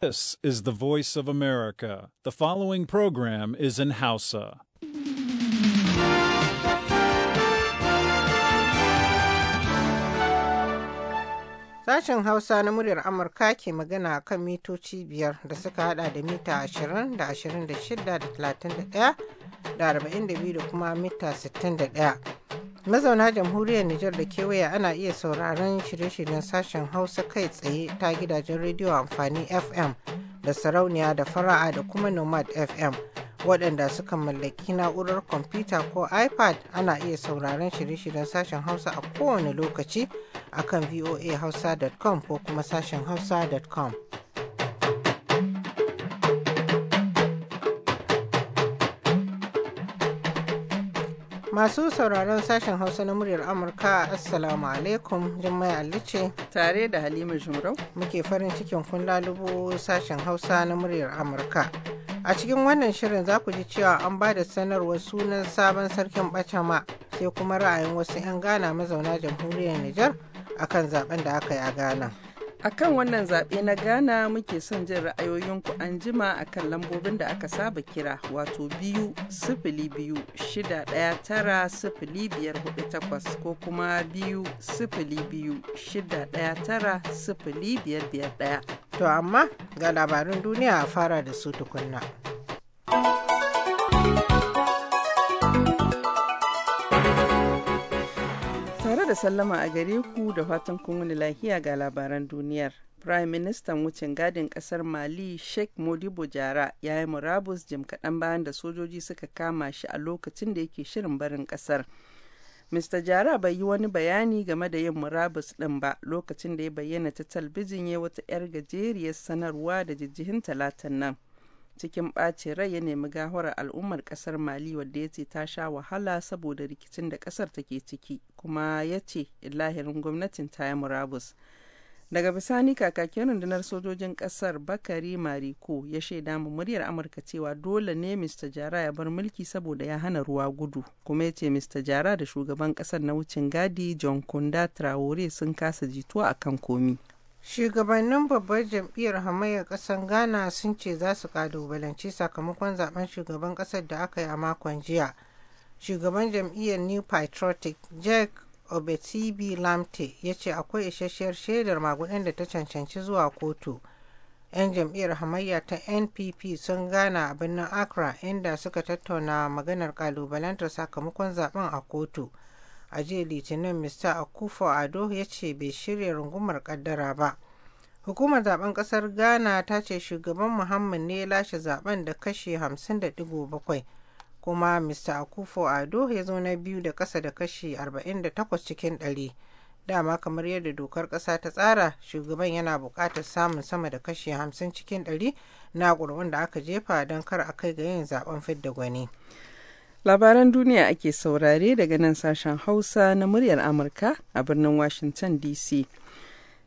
This is the voice of America. The following program is in Hausa. Sashen Hausa na muryar Amurka ke magana kan mitoci biyar da suka hada da mita 20 da 26 da 31 da 42 da kuma mita 61. mazauna jamhuriyar Nijar da kewaye ana iya sauraron shirye-shiryen sashen Hausa kai tsaye ta gidajen rediyo amfani FM da sarauniya da fara'a da kuma Nomad FM. Waɗanda suka mallaki na'urar kwamfuta ko iPad ana iya sauraron shirye-shiryen sashen Hausa a kowane lokaci akan voa hausa.com ko kuma sashen hausa.com. Masu sauraron sashen Hausa na muryar Amurka, Assalamu alaikum, Jummai Alice. Tare da Halima Jumrau. Muke farin cikin kun lalubo sashen Hausa na muryar Amurka. A cikin wannan shirin za ku ji cewa an ba da sanarwar sunan sabon sarkin ɓacama sai kuma ra'ayin wasu 'yan Ghana mazauna jamhuriyar Nijar akan zaben da aka yi a Ghana. a kan wannan zaɓe na Ghana muke son jin ra'ayoyinku an jima a kan lambobin da aka saba kira wato biyu sifili biyu shida ɗaya tara sifili biyar hudu takwas ko kuma biyu sifili biyu shida ɗaya tara sifili biyar biyar ɗaya. To amma ga labarin duniya a fara da su tukunna. da sallama a gare ku da fatan kun wani lahiya ga labaran duniyar. Prime Ministan wucin gadin kasar Mali Sheikh Modibo Jara ya yi murabus jim kaɗan bayan da sojoji suka kama shi a lokacin da yake shirin barin kasar. Mr. Jara bai yi wani bayani game da yin murabus ɗin ba lokacin da ya bayyana ta talbijin ya wata 'yar gajeriyar sanarwa da jijjihin talatan nan. cikin ɓacin rai ya nemi gafarar al'ummar ƙasar mali wadda ya ce ta sha wahala saboda rikicin da ƙasar take ciki kuma ya ce lahirin gwamnatin ta murabus daga bisani kakakin rundunar sojojin ƙasar bakari mariko ya shaida mu muryar amurka cewa dole ne mr jara ya bar mulki saboda ya hana ruwa gudu kuma ya ce mr jara da shugaban ƙasar na wucin gadi john kunda traore sun kasa jituwa akan komi Shugabannin babbar jam'iyyar hamayyar ƙasar Ghana sun ce za su ƙalubalanci sakamakon zaben shugaban ƙasar da aka yi a makon jiya. Shugaban jam'iyyar New Patriotic Jack Obetibi Lamte ya ce akwai isasshiyar shaidar magudan da ta cancanci zuwa kotu. 'Yan jam'iyyar hamayya ta NPP sun gana a birnin Accra inda suka tattauna maganar ƙalubalantar sakamakon zaben a kotu. a jiya litinin mr akufo ado ya ce bai shirya rungumar kaddara ba hukumar zaben kasar ghana ta ce shugaban muhammad ne ya lashe zaben da kashe 50.7 kuma mr akufo ado ya zo na biyu da kasa da kashe 48 cikin 100 dama kamar yadda dokar kasa ta tsara shugaban yana buƙatar samun sama da kashe 50 cikin 100 na ƙuri'un da aka jefa don kar a kai ga yin zaben fidda gwani Labaran duniya ake saurare daga nan sashen Hausa na muryar Amurka a birnin Washington DC.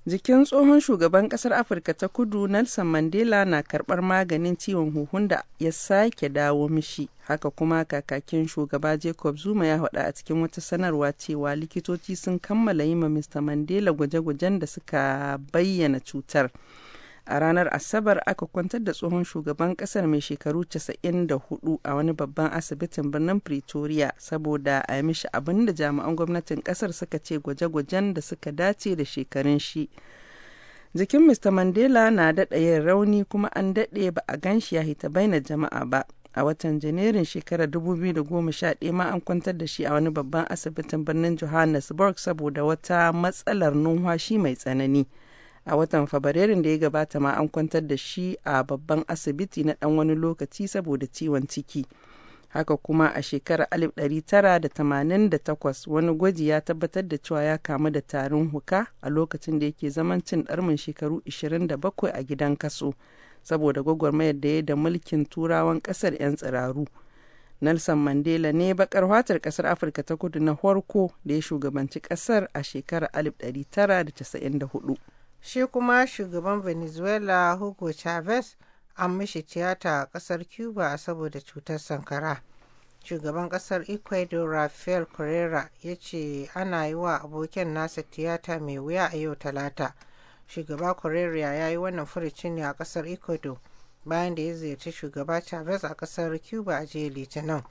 Jikin tsohon shugaban kasar Afirka ta kudu Nelson Mandela na karɓar maganin ciwon huhun da ya sake dawo mishi. Haka kuma kakakin shugaba Jacob Zuma ya hada a cikin wata sanarwa cewa likitoci sun kammala yi ma Mr. Mandela gwaje-gwajen da suka bayyana cutar. a ranar asabar aka kwantar da tsohon shugaban kasar mai shekaru 94 a wani babban asibitin birnin pretoria saboda a yi mishi abin da jami'an gwamnatin kasar suka ce gwaje-gwajen da suka dace da shekarun shi jikin mr mandela na daɗa yin rauni kuma an daɗe ba a gan shi ya hita baina jama'a ba a watan janairun shekarar 2011 ma an kwantar da shi a wani babban asibitin birnin johannesburg saboda wata matsalar numfashi mai tsanani. a watan fabrairun da ya gabata ma an kwantar da shi a babban asibiti na ɗan wani lokaci saboda ciwon ciki haka kuma a shekarar 1988 wani gwaji ya tabbatar da cewa ya kamu da tarin huka a lokacin da yake zaman cin ɗarmin shekaru 27 a gidan kaso saboda gwagwarmayar da ya da mulkin turawan ƙasar 'yan tsiraru Nelson Mandela ne bakar watar kasar Afirka ta kudu na Horko da ya shugabanci kasar a shekarar 1994. Shi kuma shugaban Venezuela Hugo Chavez an mishi tiyata a ƙasar Cuba saboda cutar sankara. Shugaban ƙasar Ecuador Rafael correra ya ce ana yi wa abokin nasa tiyata mai wuya a yau talata. Shugaba correra ya yi wannan furucin ne a ƙasar Ecuador bayan da ya ziyarci shugaba Chavez a ƙasar Cuba a jiya Litinin.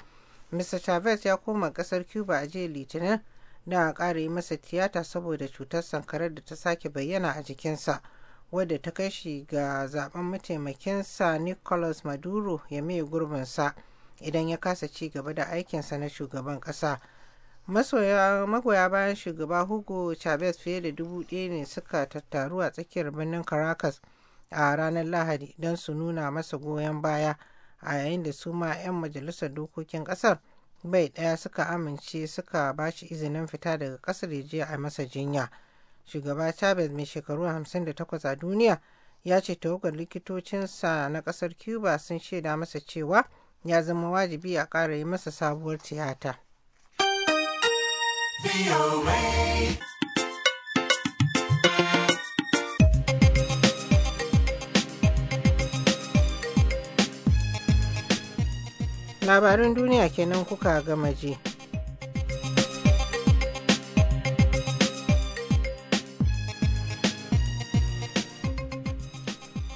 Mr. Chavez ya koma ƙasar Cuba a jiya Litinin da a ƙara yi masa tiyata saboda cutar sankarar da ta sake bayyana a jikinsa wadda ta kai shi ga zaben mataimakinsa nicolas maduro ya mai gurbinsa idan ya kasa ci gaba da aikinsa na shugaban ƙasa magoya bayan shugaba hugo chavez fiye da dubu ɗaya ne suka tattaru a tsakiyar birnin caracas a ranar lahadi don su nuna masa goyon baya a yayin da su ma 'yan majalisar dokokin ƙasar bai ɗaya suka amince suka ba shi izinin fita daga ƙasar je a masa jinya shugaba chavez mai shekaru 58 a duniya ya ce tawagar likitocinsa na ƙasar cuba sun shaida masa cewa ya zama wajibi a ƙara yi masa sabuwar tiyata. Labarin duniya kenan kuka gama ji.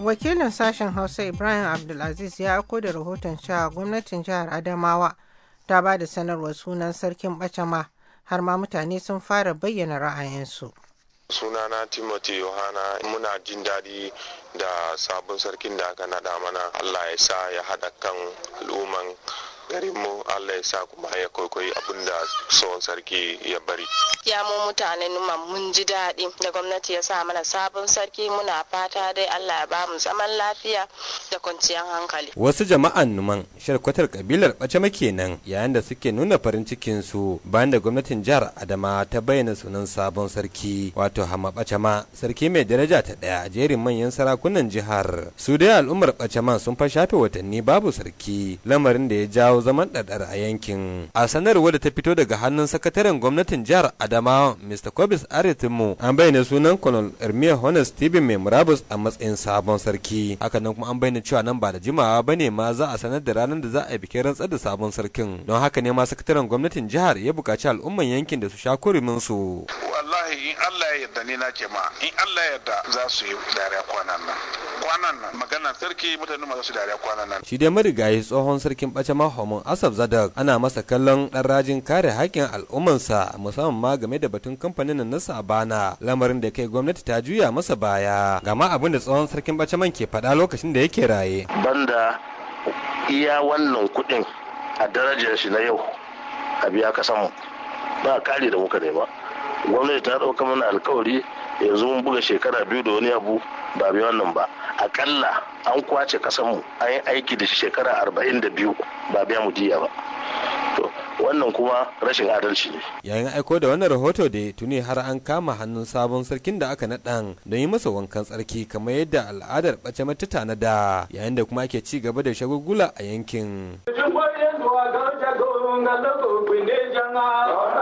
wakilin sashen hausa ibrahim abdulaziz ya aiko da rahoton cewa gwamnatin jihar adamawa ta ba da sanarwar sunan sarkin bacama har ma mutane sun fara bayyana ra'ayinsu. sunana timothy yohana muna jin daɗi da sabon sarkin da aka naɗa mana allah ya sa ya haɗa kan al'umman garin mu Allah ya sa kuma ya kwaikwayi abin da tsohon sarki ya bari. Ya mu mutane numan mun ji daɗi da gwamnati ya sa mana sabon sarki muna fata dai Allah ya ba mu zaman lafiya da kwanciyar hankali. Wasu jama'an Numan sharkwatar kabilar Bacama kenan yayin da suke nuna farin cikin su bayan da gwamnatin jihar Adama ta bayyana sunan sabon sarki wato Hama Bacama sarki mai daraja ta ɗaya jerin manyan sarakunan jihar. Su dai al'ummar Bacaman sun fa shafe watanni babu sarki lamarin da ya jawo zaman ɗaɗar a yankin a sanarwar da ta fito daga hannun sakataren gwamnatin jihar adamawa mr kobis aritimu an bayyana sunan colonel ermiya honest steven mai murabus a matsayin sabon sarki hakanan kuma an bayyana cewa nan ba da jimawa ba ne ma za a sanar da ranar da za a bikin rantsar da sabon sarkin don haka ne ma sakataren gwamnatin jihar ya buƙaci al'umman yankin da su sha kurumin su wallahi in Allah ya yarda ni na ce ma in Allah ya yarda za su yi dariya kwanan nan kwanan nan maganar sarki mutane ma za su dariya kwanan nan shi dai marigayi tsohon sarkin Bacha homo Mamun Asaf Zadak ana masa kallon ɗan rajin kare haƙƙin al'ummansa musamman ma game da batun kamfanin nan na Sabana lamarin da kai gwamnati ta juya masa baya gama abin da tsawon sarkin Bacaman ke faɗa lokacin da yake raye. Banda iya wannan kuɗin a darajar shi na yau a biya samu ba kare da muka ne ba. Gwamnati ta ɗauka mana alkawari yanzu mun buga shekara biyu da wani abu ba biyu wannan ba akalla an kwace kasanmu an yi aiki da shekara arba'in da biyu ba biya mu diya ba to wannan kuma rashin adalci ne yayin aiko da wannan rahoto da tuni har an kama hannun sabon sarkin da aka naɗan don yi masa wankan tsarki kamar yadda al'adar ɓace mata da, yayin da kuma ake ci gaba da shagulgula a yankin jang'a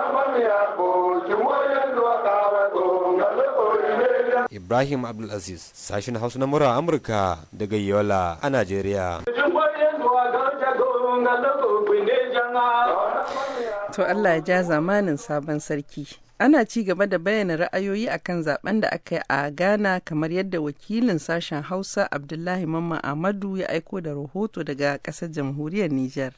Ibrahim Abdulaziz, sashen Hausa na mura Amurka daga Yola a Najeriya. To Allah ya ja zamanin sabon sarki. Ana ci gaba da bayyana ra'ayoyi a kan zaben da aka yi a Ghana kamar yadda wakilin sashen Hausa Abdullahi Mamman ahmadu ya aiko da rahoto daga ƙasar jamhuriyar Nijar.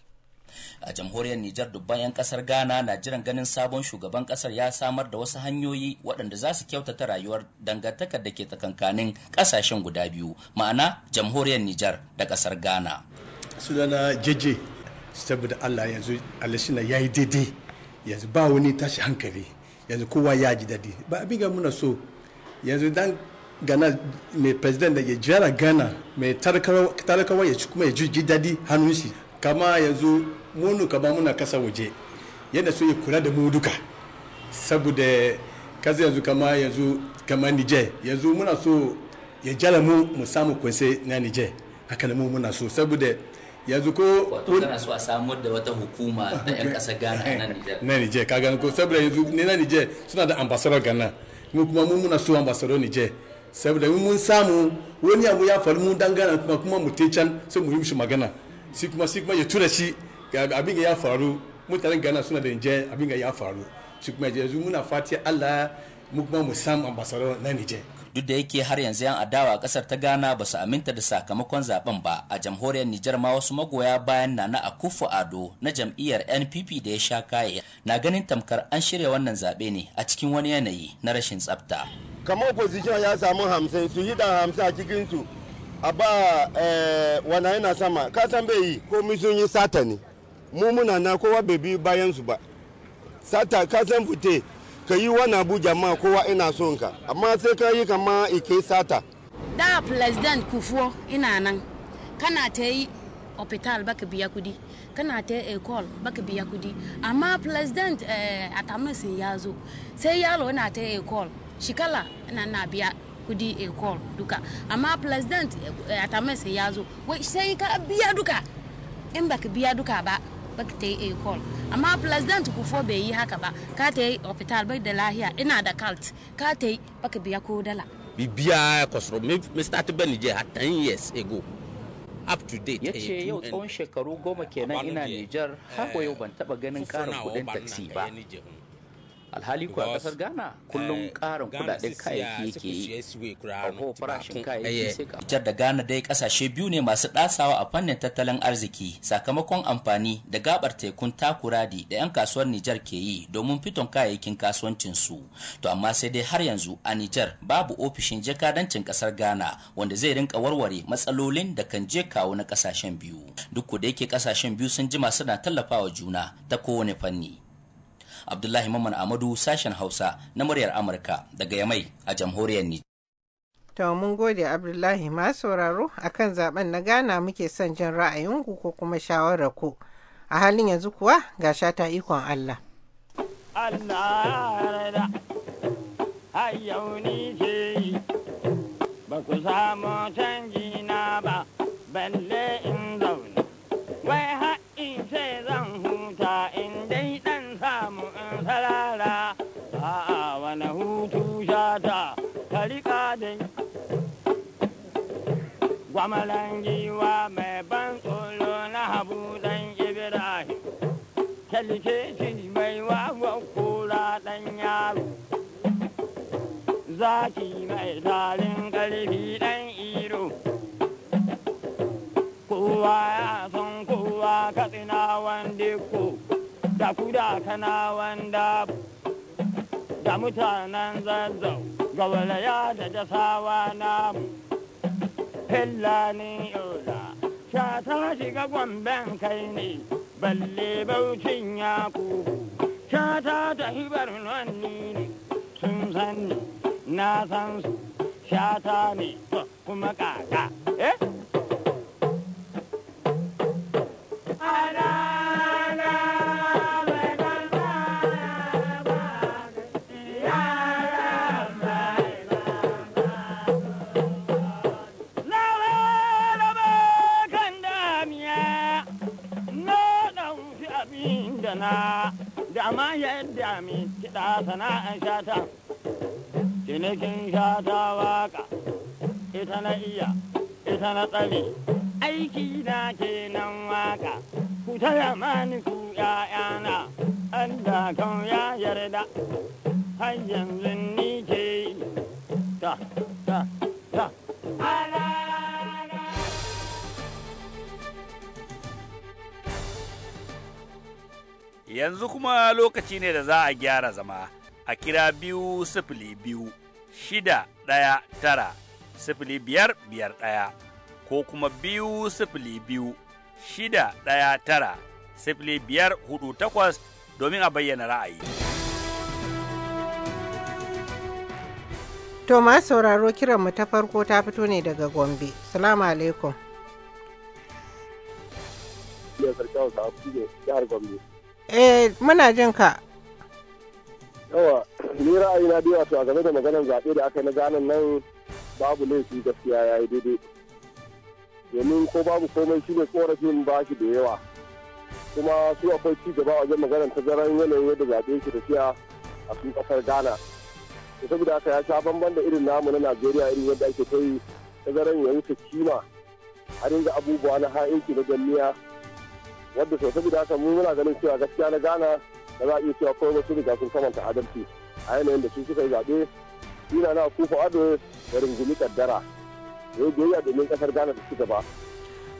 a jamhuriyar Nijar dubban 'yan kasar Ghana na jiran ganin sabon shugaban kasar ya samar da wasu hanyoyi waɗanda za su kyautata rayuwar dangantakar da ke tsakankanin ƙasashen guda biyu ma'ana jamhuriyar Nijar da kasar Ghana. Sunana jeje saboda Allah yanzu alishina ya yi daidai yanzu ba wani tashi hankali yanzu kowa ya ji daɗi ba abin ga muna so yanzu dan gana mai president da ya jira gana mai talakawa ya ci kuma ya ji daɗi hannun shi kama yanzu mu kama muna kasa waje yadda so yi kula da mu duka saboda kasa yanzu kama yanzu kama nije yanzu muna so ya jala mu mu samu kwanse na nije haka mu muna so saboda yanzu ko wato kana so a samu da wata hukuma da yan kasa gana na nije na ka gani ko saboda yanzu ne na nije suna da ambassador gana mu kuma mu muna so ambassador Niger saboda mun samu wani abu ya faru mun dangana kuma kuma mu te can sai mu yi shi magana sai kuma sai kuma ya tura shi abin ya faru mutanen ghana suna da niger abin ya faru su kuma yanzu muna fati allah mu kuma mu samu ambassador na niger duk da yake har yanzu yan adawa kasar ta ghana ba su aminta da sakamakon zaben ba a jamhuriyar nijar ma wasu magoya bayan na na akufu ado na jam'iyyar npp da ya sha kaye na ganin tamkar an shirya wannan zaɓe ne a cikin wani yanayi na rashin tsafta kamar opposition ya samu hamsin su yi da hamsin a cikin su a ba eh, wani yana sama kasan bai yi ko sun yi sata ne mu muna na kowa bai bi bayan su ba sata ka san fute ka yi wani abu jama kowa ina so ka amma sai ka yi kama ike sata da president kufuwa ina nan kana ta yi hospital baka biya kudi kana ta ecole baka biya kudi amma president eh, atamisin ya zo sai yaro na ta ecole shikala na na biya kudi ecole duka amma president eh, atamisin ya zo sai ka biya duka in baka biya duka ba ba ta yi ecole amma president kufo bai yi haka ba ka ta yi hospital bai da lahiya ina da cult ka ta yi baka biya ko dala bibiya kosoro me start ben je 10 years ago up to date ya eh, ce yau eh, tsawon shekaru goma kenan ina Nijar har eh, yau ban taba ganin karin kudin taxi ba alhali kuwa kasar ghana eh, kullum karin kudaden kayayyaki yake yi ko farashin kayayyaki eh, sai da ghana dai kasashe biyu ne masu ɗasawa a fannin tattalin arziki sakamakon amfani da gabar tekun takuradi da yan kasuwar nijar ke yi domin fiton kayayyakin kasuwancin su to amma sai dai har yanzu a nijar babu ofishin jakadancin kasar ghana wanda zai rinka warware matsalolin da kan je kawo na kasashen biyu duk da yake kasashen biyu sun ji masu na tallafawa juna ta kowane fanni Abdullahi Mamman Amadu sashen Hausa na muryar Amurka daga Yamai a jamhuriyar Nijar. To mun gode Abdullahi ma sauraro kan zaben na Ghana muke son jin ra'ayinku ko kuma shawarar ku. A halin yanzu kuwa ga ta ikon Allah. Allah ba ku samu canji in zaune wai ha'in sai zan huta in karara a'a wani hutu shata ta riƙa dai gwamalan giwa mai ban tsoro na habu dan ibrahim kyalkeci mai wawan kura dan yaro zaki mai tarin ƙarfi dan iro kowa ya san kowa katsina wanda ko da ku da kana wanda da mutanen zazzau ga walaya da jasawa na hillani ola sha ta shiga gwamben kai ne balle baucin ya ku sha ta hibar barnonni ne sun sanni na san su sha ta ne kuma kaka shata sana'an shata cinikin shata waka ita na iya ita na tsare aiki na kenan waka ku taya mani ku ‘ya'yana Allah kan ya yarda har yanzu ni ke ta yanzu kuma lokaci ne da za a gyara zama a kira biyu sifili biyu shida ɗaya tara sifili biyar biyar ɗaya ko kuma biyu sifili biyu shida ɗaya tara sifili biyar hudu takwas domin a bayyana ra'ayi. To ma sauraro kiranmu ta farko ta fito ne daga Gombe. Salamu alaikum. Ya sarki hausa, jihar Gombe. Eh, jin ka. Yawa, ni ra'ayi na biyu wato a game da maganar zaɓe da aka yi na ganin nan babu laifi gaskiya ya yi daidai. Domin ko babu komai shi ne korafin ba shi da yawa. Kuma su akwai ci gaba wajen maganar tazaran yanayin yadda zaɓe ke tafiya a cikin ƙasar Ghana. Saboda haka ya sha bamban da irin namu na Najeriya irin yadda ake kai tazaran ya wuce kima. A dinga abubuwa na ha'inci na jamiya wadda sosai saboda haka mu muna ganin cewa gaskiya na gana da za a iya cewa ko wasu riga sun kamanta adalci a yanayin da su suka yi zaɓe ina na kufa ado da rungumi kaddara ya biyayya domin kasar gana da ci gaba.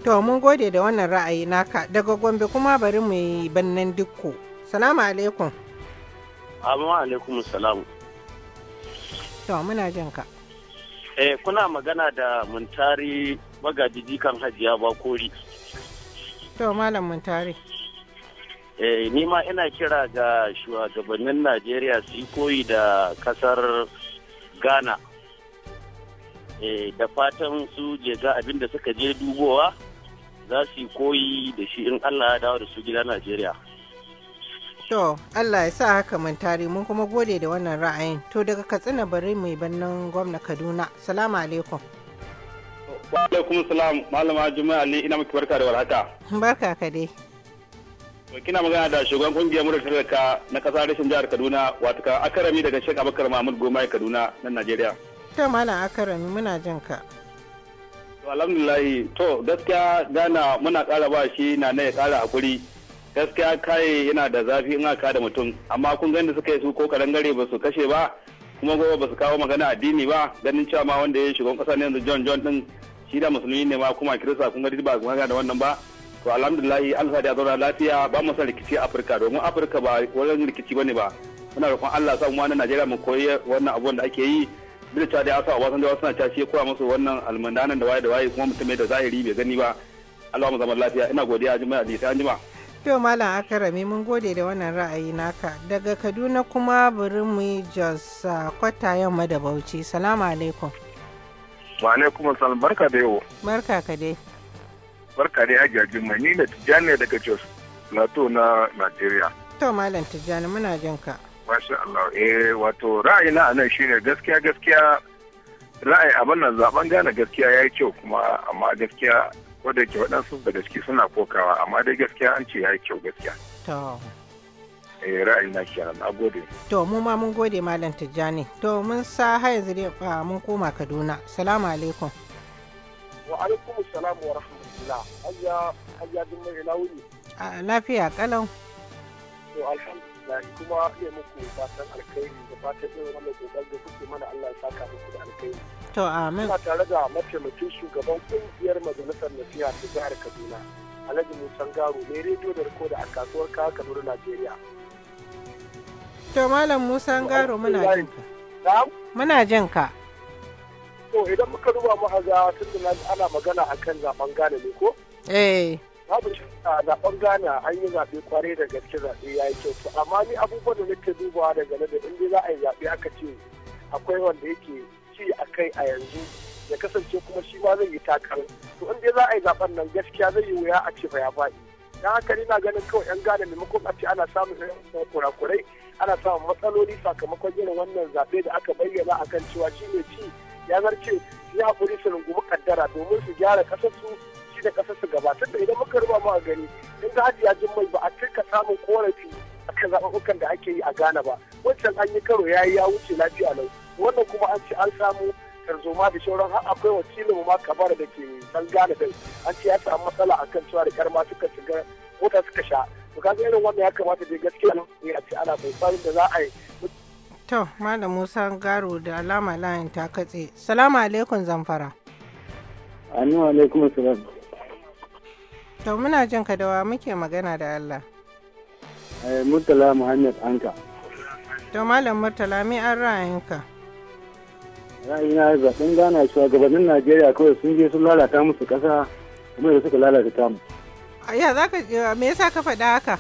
To mun gode da wannan ra'ayi naka daga Gombe kuma bari mu yi bannan dukku. Salamu alaikum. Amma alaikum salamu. To muna jin ka. Eh kuna magana da Muntari magajiji kan Hajiya kori. To Malam Muntari. Eh, ni ma ina kira ga shugabannin Najeriya su yi koyi da kasar Ghana. Eh, da fatan su je ga abin da suka je dubowa za su yi koyi da shi in Allah ya dawo da su gida Najeriya. To, Allah ya sa haka mun tare mun kuma gode da wannan ra'ayin. To daga Katsina bari mai bannan gwamna Kaduna. Salamu alaikum. alaikum salam malama Juma'a Ali ina miki barka da warhaka. Barka ka dai. To kina magana da shugaban kungiyar murar talaka na kasa rashin jihar Kaduna wato ka akarami daga shek Abubakar Mahmud Gomai Kaduna nan Najeriya. To malam akarami muna jin ka. To alhamdulillah to gaskiya Ghana muna kara ba shi na ne kara hakuri gaskiya kai yana da zafi in aka da mutum amma kun gani suka yi su ko gare ba su kashe ba kuma gobe ba su kawo magana addini ba ganin cewa ma wanda ya shugaban kasa ne yanzu John John din shi da musulmi ne ma kuma kirista kun ga ba kun da wannan ba to alhamdulillahi Allah da zauna lafiya ba mu san rikici Afirka domin Afirka ba wurin rikici bane ba muna roƙon Allah sa mu na Najeriya mu koyi wannan abubuwan da ake yi duk da cewa da asa wasan da suna tashi ko koya musu wannan almandanan da waye da waye kuma mutum da zahiri bai gani ba Allah mu zama lafiya ina godiya jima'a da sai anjima yau malam akarami mun gode da wannan ra'ayi naka daga kaduna kuma burin mu jos uh, kwata yamma da bauchi salamu alaikum Wane kuma san barka da yau. Barka ka dai. Barka dai Hajiya Jummai ni da Tijjani daga Jos Plateau na Najeriya. To Malam Tijjani muna jin ka. Masha Allah eh wato na anan shi shine gaskiya gaskiya ra'ayi abin nan zaben gane gaskiya ya yi kyau kuma amma gaskiya wadda ke waɗansu da gaske suna kokawa amma dai gaskiya an ce ya yi kyau gaskiya. Eh, ra'ayina kenan a gode to mu ma mun gode malam tijjani to mun sa haya zire mun koma kaduna salamu alaikum wa alaikum salam wa rahmatullah hayya hayya din mai lawuni lafiya kalau to alhamdulillah kuma ya muku fatan alkhairi da fatan irin wannan kokarin da kuke mana Allah ya saka muku da alkhairi to amin ina tare da mataimakin shugaban kungiyar majalisar nasiha ta jihar Kaduna Alhaji Musan Garo mai rediyo da rikoda a kasuwar kaka Kaduna Najeriya To Malam Musa Ngaro muna jin Muna jin To idan muka ruba mu a ga tun da ana magana akan zaben Ghana ne ko? Eh. Babu a zaben Ghana an yi zaɓe kwarai da gaske zaɓe ya yi kyau. amma ni abubuwan da nake dubawa daga na da inda za a yi zaɓe aka ce akwai wanda yake ci a kai a yanzu ya kasance kuma shi ma zai yi takar. To inda za a yi zaɓen nan gaskiya zai yi wuya a ce ba ya faɗi. Dan haka ni na ganin kawai 'yan Ghana mako a ce ana samun 'yan kurakurai ana samun matsaloli sakamakon yin wannan zaɓe da aka bayyana akan cewa shi ne ci ya zarce su yi hakuri su rungumi kaddara domin su gyara kasarsu shi da ƙasarsu gabatar da idan muka ruba mu a gani in ga hajiya jin ba a cika samun korafi akan zaɓuɓɓukan da ake yi a Ghana ba wancan an yi karo ya yi ya wuce lafiya lau wannan kuma an ce an samu tarzoma da shauran har akwai wakilin ma kabar da ke san Ghana dai an ce ya samu matsala akan cewa da kyar ma suka shiga mota suka sha to kaga irin wannan ya kamata dai gaskiya ne a ce ana kokarin da za a yi to malam musa garo da alama layin ta katse salamu alaikum zamfara anu alaikum salam to muna jin ka da wa muke magana da allah eh, murtala muhammad anka to malam murtala me an ra'ayinka ra'ayina zaɓen gana shugabannin najeriya kawai sun je sun lalata musu ƙasa kuma da suka lalata tamu ya za ka me yasa ka faɗa haka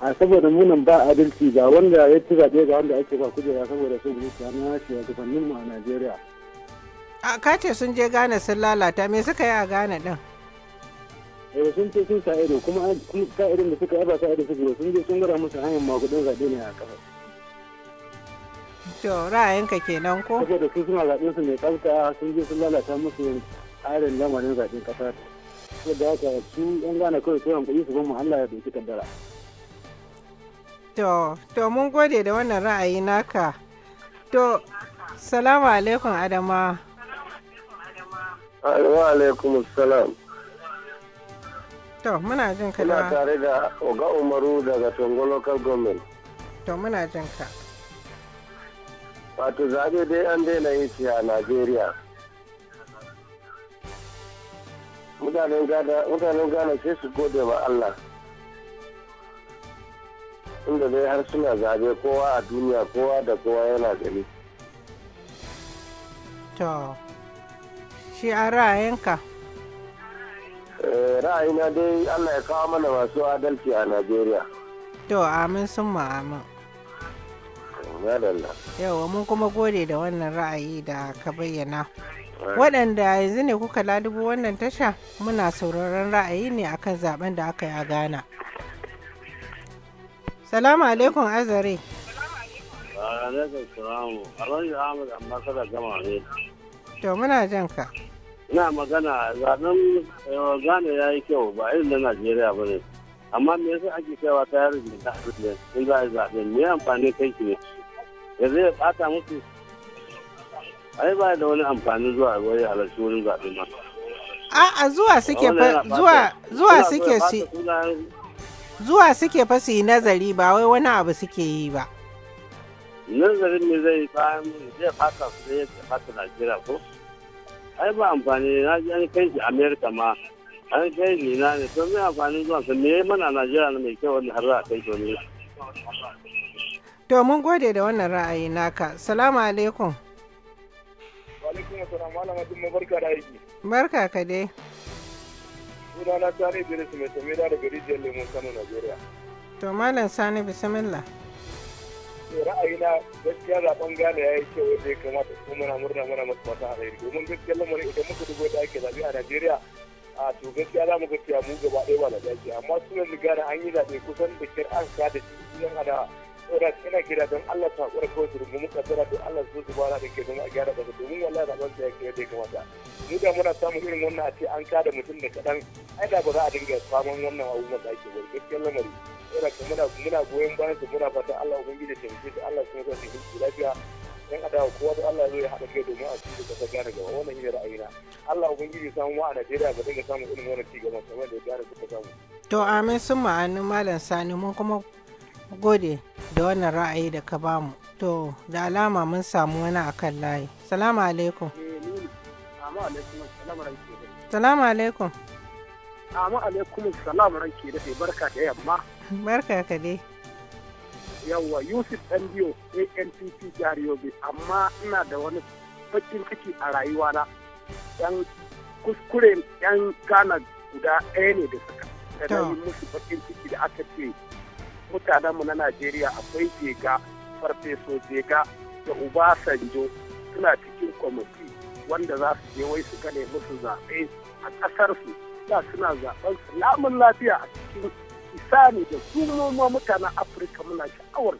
a saboda munan ba adalci ga wanda ya ci zaɓe ga wanda ake ba kujera saboda sun ta na shi a gabanin mu a najeriya a kace sun je gane sun lalata me suka yi a gane din eh sun ce sun sa'ido kuma ka'irin da suka yi ba sa ido suke sun je sun gara musu hanyar makudin zaɓe ne a ƙasa to ra'ayinka kenan ko saboda su suna zaɓen su mai tsafta sun je sun lalata musu tsarin lamarin zaɓen ƙasa saboda haka su yan gane kawai sai hankali su mu Allah ya dauki kaddara to to mun gode da wannan ra'ayi naka to salamu alaikum adama Salamu alaikum salam to muna jin ka da tare da oga umaru daga tongo local government to muna jin ka wato zaɓe dai an daina yi a najeriya mutanen gana sai su gode wa Allah inda dai har suna zabe kowa a duniya kowa da kowa yana gani to shi a ra'ayinka eh, ra'ayina dai Allah ya kawo mana masu adalci a Najeriya to amin sun amin yawa mun kuma gode da wannan ra'ayi da ka bayyana waɗanda yanzu ne kuka lalubo wannan tasha muna sauraron ra'ayi ne akan zaben da aka yi a ghana salamu alaikum azare to muna jan ka ina magana zaben eh, ne ya yi kyau ba irin na najeriya ba ne amma me yasa ake kaiwa ta yaro da in za a yi zaɓen me amfani kai ki ne yanzu ya ɓata musu ai ba da wani amfani zuwa wani halarci wurin zaɓen A a'a zuwa suke fa zuwa zuwa suke su zuwa suke fa su yi nazari ba wai wani abu suke yi ba nazarin me zai bayan zai fata su zai fata Najeriya ko ai ba amfani na ji an kai shi Amerika ma an kai shi na ne to me amfani zuwa su me mana Najeriya na mai kyau wani har za a kai shi To mun gode da wannan ra'ayi naka. Salamu alaikum. Alaikum assalam malama Jumma da aiki. Barka ka dai. Sunana Sani Idris mai samira daga rijiyar lemun Kano Najeriya. To malam Sani ra'ayi ra'ayina gaskiya zaben Ghana ya yi kyau zai kamata su muna murna muna masu fata alheri domin gaskiya lamarin idan muka dubo da ake zaɓe a Najeriya a to gaskiya za mu ga cewa mu gaba ɗaya ba da dace amma sunan Ghana an yi zaɓe kusan da kyar an da shi ana saboda ina kira don Allah ta hakura kawai su rubu mukaddara don Allah su zuba na da ke don a gyara daga domin wallahi da ban sai ya kamata mu da muna samun irin wannan a ce an kada mutum da kadan ai da ba za a dinga samun wannan abubuwan da ake bai gaskiyar lamari saboda kuma muna muna goyon bayan su muna fatan Allah ubangiji ta mutu da Allah sun zai yi lafiya dan adawa kowa da Allah zai haɗa kai domin a cikin da ta gane gaba wannan shi ne ra'ayina Allah ubangiji samu wa a Najeriya ba dinga samun irin wannan ci gaba kamar da ya gane ta samu to amin sun ma'anin malam sani mun kuma gode da wannan ra'ayi da ka bamu. To, da alama mun samu wani akan layi. Eh, salamu alaikum. Salamu alaikum. Salamu alaikum. Salamu ranke da barka da yamma. Barka ka dai. Yawwa Yusuf ndo ANPP jihar Yobe amma ina da wani bakin ciki a rayuwana. Yan kuskure yan Ghana guda ɗaya ne da suka. Da musu bakin ciki da aka ce mutanenmu na najeriya akwai jega farfeso jega da uba sanjo suna cikin kwamiti wanda za su je wai suka nemi musu zaɓe a ƙasarsu da suna zaɓen su lafiya a cikin isani da su mutanen afirka muna sha'awar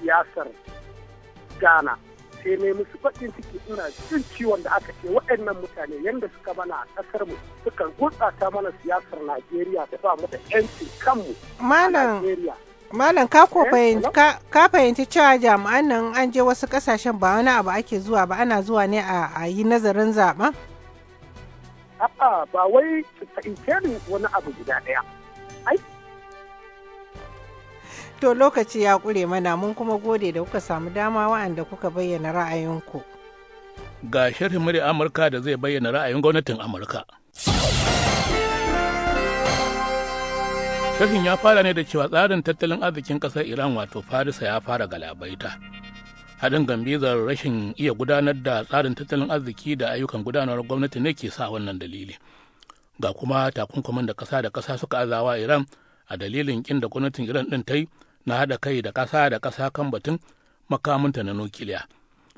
siyasar ghana sai ne musu baƙin ciki ina jin ciwon da aka ce waɗannan mutane yadda suka mana a ƙasar mu sukan ta mana siyasar najeriya da ba mu da yancin kanmu a najeriya Malam ka ko eh, ka fahimci cewa jami'an nan an je wasu kasashen ba wani abu ake zuwa ba ana zuwa ne a yi nazarin zaɓen? A'a ba wai fahimtarin wani abu guda ɗaya. To lokaci ya ƙure mana mun kuma gode da kuka samu dama wa'anda kuka bayyana ra'ayinku. Ga shirin murya Amurka da zai bayyana ra'ayin gwamnatin Amurka. Shafin ya fara ne da cewa tsarin tattalin arzikin ƙasar Iran wato Farisa ya fara galabaita. Haɗin gambizar rashin iya gudanar da tsarin tattalin arziki da ayyukan gudanar gwamnati ne ke sa wannan dalili. Ga kuma takunkumin da kasa da kasa suka azawa Iran a dalilin ƙin da gwamnatin Iran ɗin ta yi na haɗa kai da kasa da kasa kan batun makamunta na nukiliya.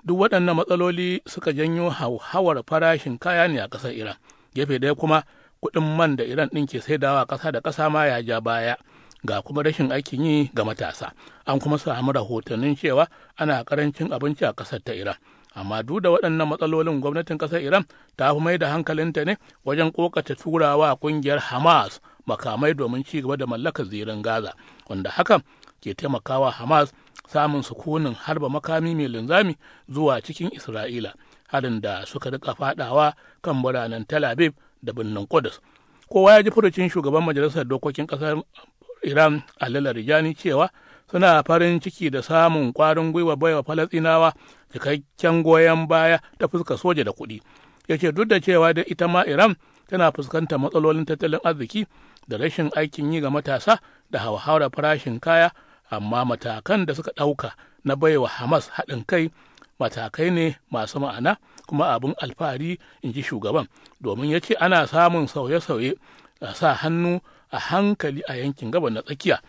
Duk waɗannan matsaloli suka janyo hauhawar farashin kaya ne a ƙasar Iran. Gefe ɗaya kuma kuɗin man da iran ɗin ke saidawa ƙasa da ƙasa ma ya ja baya ga kuma rashin aikin yi ga matasa an kuma samu rahotannin cewa ana karancin abinci a ƙasar ta iran amma duk da waɗannan matsalolin gwamnatin ƙasar iran ta fi mai da hankalinta ne wajen ƙoƙata turawa ƙungiyar hamas makamai domin ci gaba da mallakar zirin gaza wanda hakan ke taimakawa hamas samun sukunin harba makami mai linzami zuwa cikin isra'ila harin da suka rika fadawa kan biranen tel da birnin Kudus. Kowa ya ji furucin shugaban majalisar dokokin ƙasar Iran Alila Rijani cewa suna farin ciki da samun ƙwarin gwiwa baiwa Falasɗinawa cikakken goyon baya ta fuska soja da kuɗi. Ya ce duk da cewa da ita ma Iran tana fuskantar matsalolin tattalin arziki da rashin aikin yi ga matasa da hauhawar farashin kaya amma matakan da suka ɗauka na baiwa Hamas haɗin kai matakai ne masu ma'ana kuma abin alfahari in ji shugaban domin ya ce ana samun sauye-sauye a sa hannu a hankali a yankin gabas na tsakiya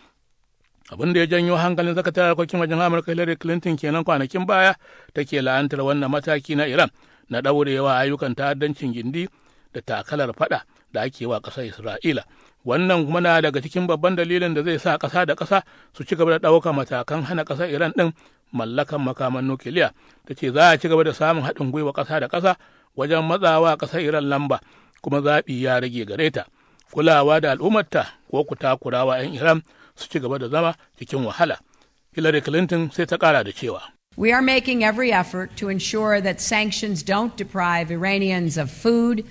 abin da ya janyo hankalin sakataren harkokin wajen amurka hillary clinton kenan kwanakin baya take la'antar wannan mataki na iran na ɗaurewa ayyukan ta'addancin gindi da takalar fada da ake wa ƙasar isra'ila wannan kuma na daga cikin babban dalilin da zai sa ƙasa da ƙasa su ci gaba da ɗaukar matakan hana ƙasar iran ɗin mallakan makaman nukiliya ta ce za a ci gaba da samun haɗin gwiwa ƙasa da ƙasa wajen matsawa ƙasar iran lamba kuma zaɓi ya rage gare ta kulawa da al'ummarta ko ku takurawa 'yan iran su ci gaba da zama cikin wahala hillary clinton sai ta ƙara da cewa We are making every effort to ensure that sanctions don't deprive Iranians of food,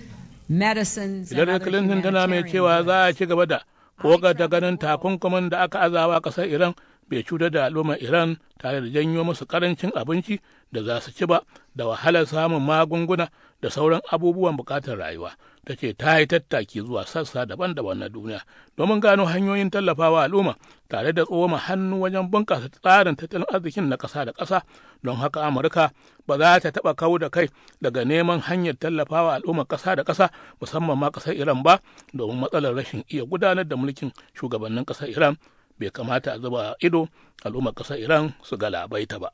medicines, and other Clinton tana mai cewa za a ci gaba da kogar ganin takunkumin da aka azawa ƙasar Iran bai cutar da al'ummar iran tare da janyo musu karancin abinci da za su ci ba da wahalar samun magunguna da sauran abubuwan bukatar rayuwa ta ce ta yi tattaki zuwa sassa daban-daban na duniya domin gano hanyoyin tallafawa al'umma tare da tsoma hannu wajen bunƙasa tsarin tattalin arzikin na ƙasa da ƙasa don haka amurka ba za ta taɓa kawo da kai daga neman hanyar tallafawa al'umma ƙasa da ƙasa musamman ma ƙasar iran ba domin matsalar rashin iya gudanar da mulkin shugabannin ƙasar iran bai kamata a zuba ido al'ummar ƙasar iran su ga Labaita ba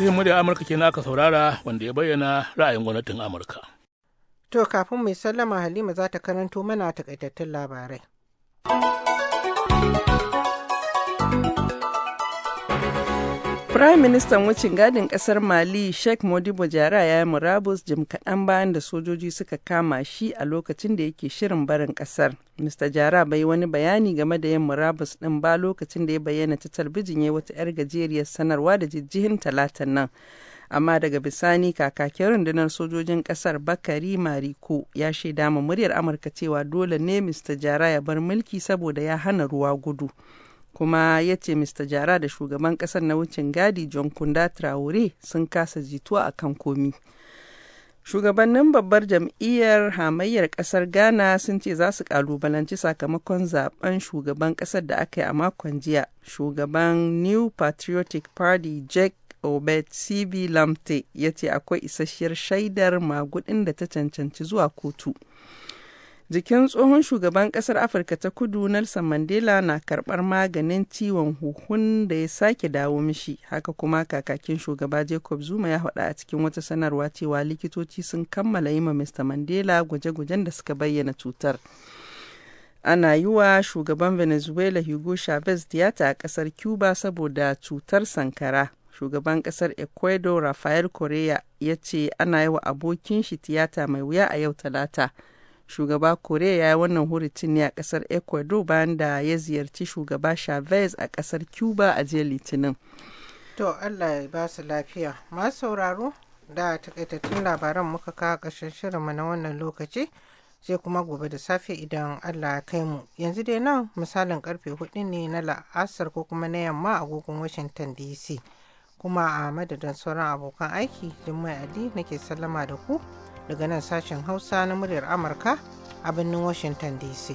mu da amurka ke aka saurara wanda ya bayyana ra'ayin gwamnatin amurka to kafin mai sallama halima za ta karanto mana takaitattun labarai Prime Minister wucin gadin kasar Mali Sheikh Modibo Jara ya yi murabus jim kaɗan bayan da sojoji suka kama shi a lokacin da yake shirin barin kasar. Mr. Jara bai wani bayani game da yin murabus ɗin ba lokacin da ya bayyana ta talbijin ya wata 'yar gajeriyar sanarwa da jijjihin talatan nan. Amma daga bisani kakakin rundunar sojojin kasar Bakari Mariko ya shaida ma muryar Amurka cewa dole ne Mr. Jara ya bar mulki saboda ya hana ruwa gudu. kuma ya ce mr jara da shugaban kasar na wucin gadi john kunda traore sun kasa jituwa a kan komi shugabannin babbar jam'iyyar hamayyar kasar ghana sun ce za su kalubalanci sakamakon zaben shugaban kasar da aka yi a makon jiya shugaban new patriotic party jack obed cb lamte ya ce akwai isasshiyar shaidar magudin da ta cancanci zuwa kotu jikin tsohon shugaban kasar afirka ta kudu nelson mandela na karbar maganin ciwon huhun da ya sake dawo mishi haka kuma kakakin shugaba jacob zuma ya faɗa a cikin wata sanarwa cewa likitoci sun kammala yi ma mr mandela gwaje-gwajen da suka bayyana cutar ana yi wa shugaban venezuela hugo chavez tiyata a kasar cuba saboda cutar sankara shugaban kasar ecuador rafael correa ya ce ana yi wa abokin shi tiyata mai wuya a yau talata shugaba korea ya yi wannan hurucin ne a kasar ecuador bayan da ya ziyarci shugaba chavez a kasar cuba a jiya litinin to allah ya ba su lafiya masu sauraro da takaitattun labaran muka kawo ƙarshen shirinmu na wannan lokaci sai kuma gobe da safe idan allah ya kai mu yanzu dai nan misalin karfe hudu ne na la'asar ko kuma na yamma a agogon washington dc kuma a madadin sauran abokan aiki jummai ali nake sallama da ku daga nan sashen hausa na muryar amurka a birnin washington dc